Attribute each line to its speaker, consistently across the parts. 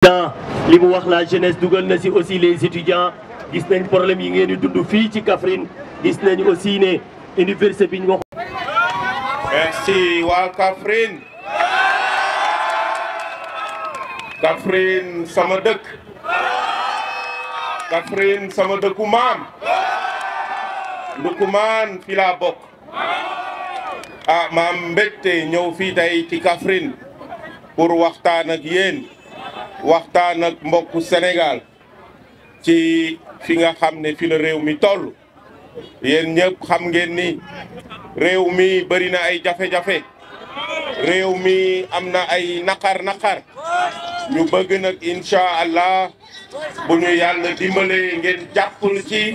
Speaker 1: président li mu wax la jeunesse dugal na si aussi les étudiants gis nañ problème yi ngeen di dund fii ci Kaffrine gis nañ aussi ne université bi ñu wax merci waa Kaffrine Kaffrine sama dëkk Kaffrine sama dëkku maam Ndukumaan fi laa bokk ah maam mbégte ñëw fii tey ci Kaffrine pour waxtaan ak yéen waxtaan ak mbokku Sénégal ci fi nga xam ne fi la réew mi toll yéen ñëpp xam ngeen ni réew mi bëri na ay jafe-jafe réew mi am na ay naqar-naqar ñu bëgg nag incha allah bu ñu yàlla dimbalee ngeen jàppul ci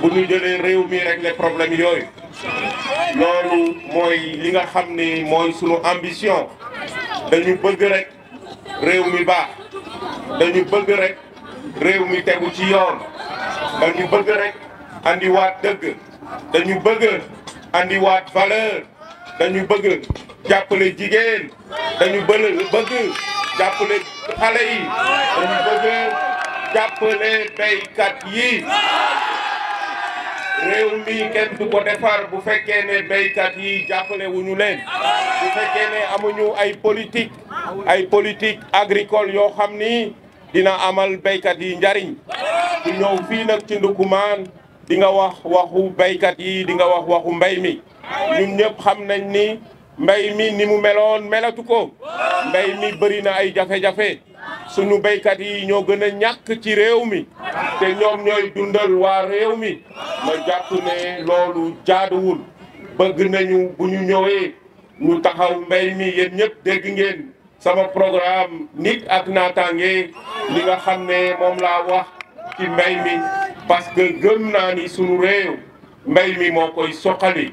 Speaker 1: bu ñu jëlee réew mi régler problème yooyu loolu mooy li nga xam ni mooy sunu ambition dañu bëgg rek réew mi baax dañu bëgg rek réew mi tegu ci yoon dañu bëgg rek andi waat dëgg dañu bëgg andi waat valeur dañu bëgg jàppale jigéen dañu bëgg bëgg jàppale xale yi dañu bëgg jàppale béykat yi réew mi kenn du defar bu fekkee ne yi jàppale wuñu bu fekkee amuñu ay politique ay politique agricole yoo xam ni dina amal béykat yi njariñ ku ñëw fii nag ci Ndoukoumane di nga wax waxu béykat yi di nga wax mbay mi ñun ñëpp xam nañ ni mbay mi ni mu meloon melatu ko mbay mi bëri na ay jafe-jafe sunu béykat yi ñoo gën a ñàkk ci réew mi te ñoom ñooy dundal waa réew mi ma jàpp ne loolu jaaduwul bëgg nañu bu ñu ñëwee ñu taxaw mbay mi yéen ñëpp dégg ngeen sama programme nit ak naataange li nga xam ne moom laa wax ci mbay mi parce que gëm naa ni sunu réew mbay mi moo koy soqali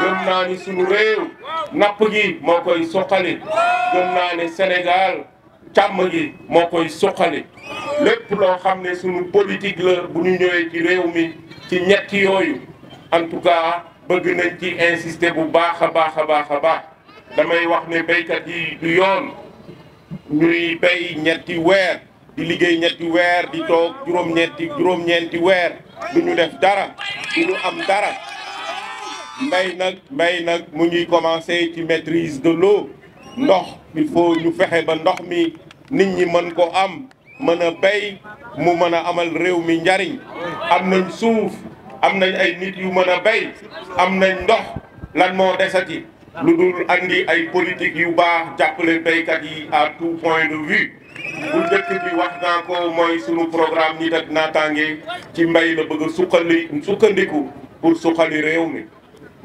Speaker 1: gëm naa ni sunu réew napp gi moo koy soqali gën naa ne Sénégal càmm gi moo koy soqali lépp loo xam ne sunu politique la bu ñu ñëwee ci réew mi ci ñetti yooyu en tout cas bëgg nañ ci insister bu baax a baax a baax baax damay wax ne baykat yi du yoon ñuy béy ñetti weer di liggéey ñetti weer di toog juróom-ñetti juróom-ñeenti weer du ñu def dara du ñu am dara mbay nag mbay nag mu ngi commencé ci maîtrise de loo ndox il faut ñu fexe ba ndox mi nit ñi mën ko am mën a bay mu mën a amal réew mi njariñ am nañ suuf am ay nit yu mëna bay béy ndox lan mo desati lu dul andi ay politique yu baax jàppale béykat yi à tout point de vue bu njëkk bi wax naa ko mooy sunu programme nit ak naataange ci mbay la bëgg a suqali sukkandiku pour suqali réew mi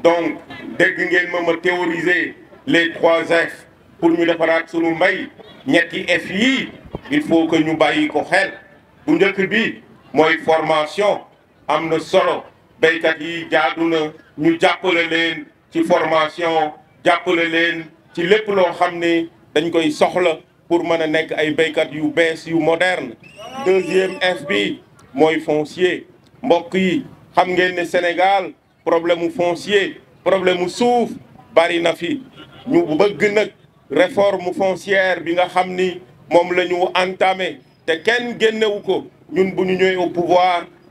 Speaker 1: donc dégg ngeen ma ma théoriser les trois F pour ñu defaraat sunu mbay ñetti F yi il faut que ñu bàyyi ko xel bu njëkk bi mooy formation I'm solo nous yi jaadu ñu ci formation nous leen ci nous lo xam dañ koy soxla pour mëna ay nous yu yu moderne deuxième FB, foncier mbokk yi xam ngeen Sénégal problème foncier problème souf bari na réforme foncière bi nga ni lañu entamé kenn nous ko ñun bu au pouvoir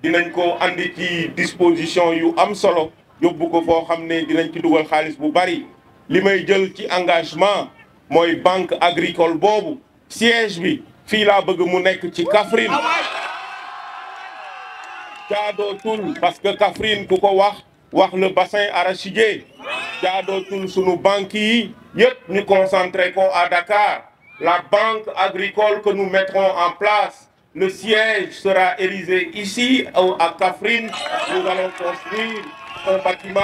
Speaker 1: dinañ ko andi ci disposition yu am solo yóbbu ko foo xam ne dinañ ci dugal xaalis bu bari li may jël ci engagement mooy banque agricole boobu siège bi fii laa bëgg mu nekk ci Kaffrine jaadootul parce que Kafrine, ku ko wax wax le bassin arachidier jaadootul sunu banque yi yëpp ñu concentré ko à Dakar la banque agricole que nous mettrons en place le siège sera érisé ici, à Kafrine. Nous allons construire un bâtiment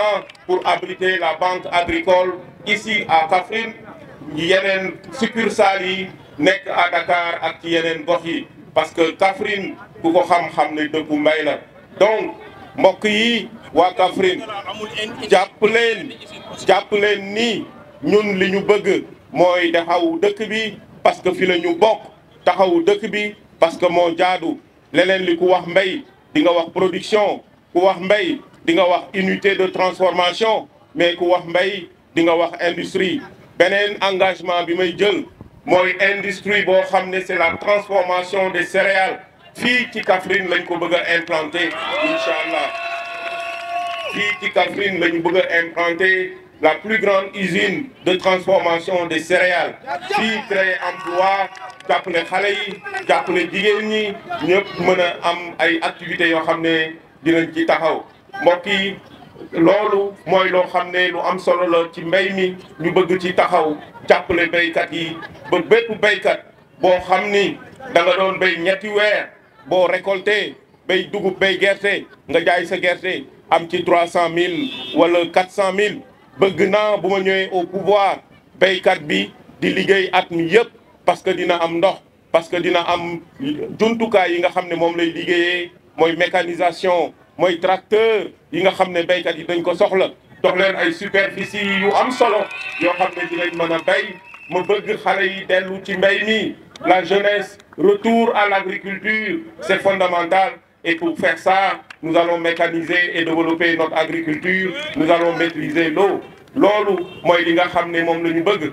Speaker 1: pour abriter la banque agricole ici à Kafrine. Il y a une succursale nekk à Dakar à ci parce que Kaffrine ku ko que nous ne dëkku donc Mokyi yi waa Kaffrine jàpp leen jàpp leen Nous ñun li de Je mooy taxawu dëkk parce que fi parce que mon Jadu, lenen li ku wax mbay di nga wax production ku wax mbay di nga wax unité de transformation mais ku wax mbay di nga wax industrie benen engagement bi may jël moy industrie bo xamné c'est la transformation des céréales fi ci Kaffrine lañ ko bëgg implanter inshallah fi ci lañ bëgg implanter la plus grande usine de transformation des céréales qui créer emploi jàpp jàppale xale yi jàppale jigéen ñi ñëpp mën a am ay activités yoo xam ne dinañ ci taxaw mbokk yi loolu mooy loo xam ne lu am solo la ci mbay mi ñu bëgg ci taxaw jàpp jàppale béykat yi ba bépp béykat boo xam ni da doon béy ñetti weer boo récolté béy dugub béy gerte nga jaay sa gerte am ci trois cent mille wala quatre cent mille bëgg naa bu ma ñëwee o pouvoir béykat bi di liggéey at mi yëpp parce que dina am ndox parce que dina am jumtukaay yi nga xam ne dige, lay liggéeyee moy mécanisation moy tracteur yi nga xam ne yi dañ ko soxla leen ay superficie yu am solo yo xam dinañ mëna bay béy ma bëgg xalé yi ci mbay mi la jeunesse retour à l'agriculture c'est fondamental et pour faire ça nous allons mécaniser et développer notre agriculture nous allons maîtriser l'eau lolu moy li nga xam ne lañu bëgg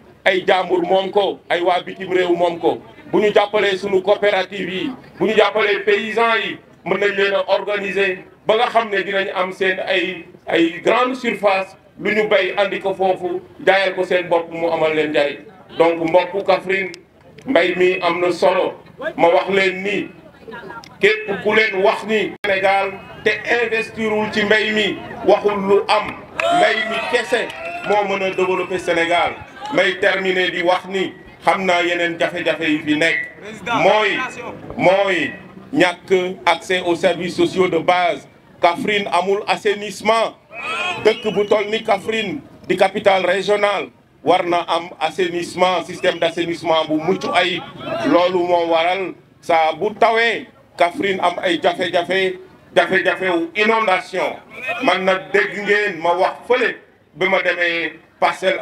Speaker 1: ay jambour moom ko ay wa bitim rew moom ko bu ñu suñu coopérative yi buñu jappalé paysans yi mën nañ leen organiser ba nga xamné dinañ am seen ay ay grande surface luñu bay andi ko fofu jaayal ko seen bop mu amal leen jari donc mbokku kafrine mbay mi amna solo ma wax leen ni képp ku leen wax ni Sénégal te investirul ci mbay mi waxul lu am mbay mi kese moo mën a développer Sénégal may terminer di wax ni xam naa yeneen jafe-jafe yi fi nekk mooy mooy ñàkk accès aux services sociaux de base kafrine amul assainissement dëkk bu toll ni kafrine di capitale régionale war na am assainissement système d'assainissement bu mucc ayib loolu moo waral saa bu tawee kafrine am ay jafe-jafe jafe-jafe wu inondation man na dégg ngeen ma wax fële bi ma demee Parcelles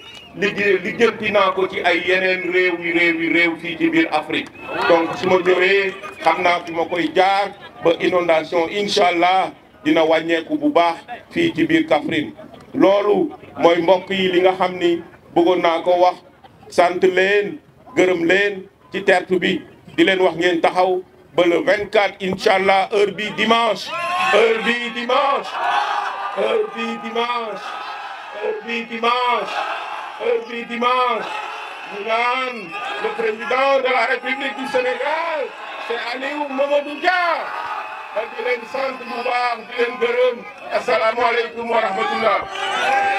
Speaker 1: liggéey lijjanti naa ko ci ay yeneen réew yi réew yi réew fii ci biir Afrique donc su ma jógee xam naa fi ma koy jaar ba inondation incha allah dina wàññeeku bu baax fii ci biir Kaffrine loolu mooy mbokk yi li nga xam ni bëggoon naa ko wax sant leen gërëm leen ci tertu bi di leen wax ngeen taxaw ba le 24 incha allah heure bi dimanche heure bi dimanche heure bi dimanche heure bi dimanche heure bii dimanche ñu le président de la république du Sénégal c' est Aliou Mamadou Dia. ak di leen sant bu baax di leen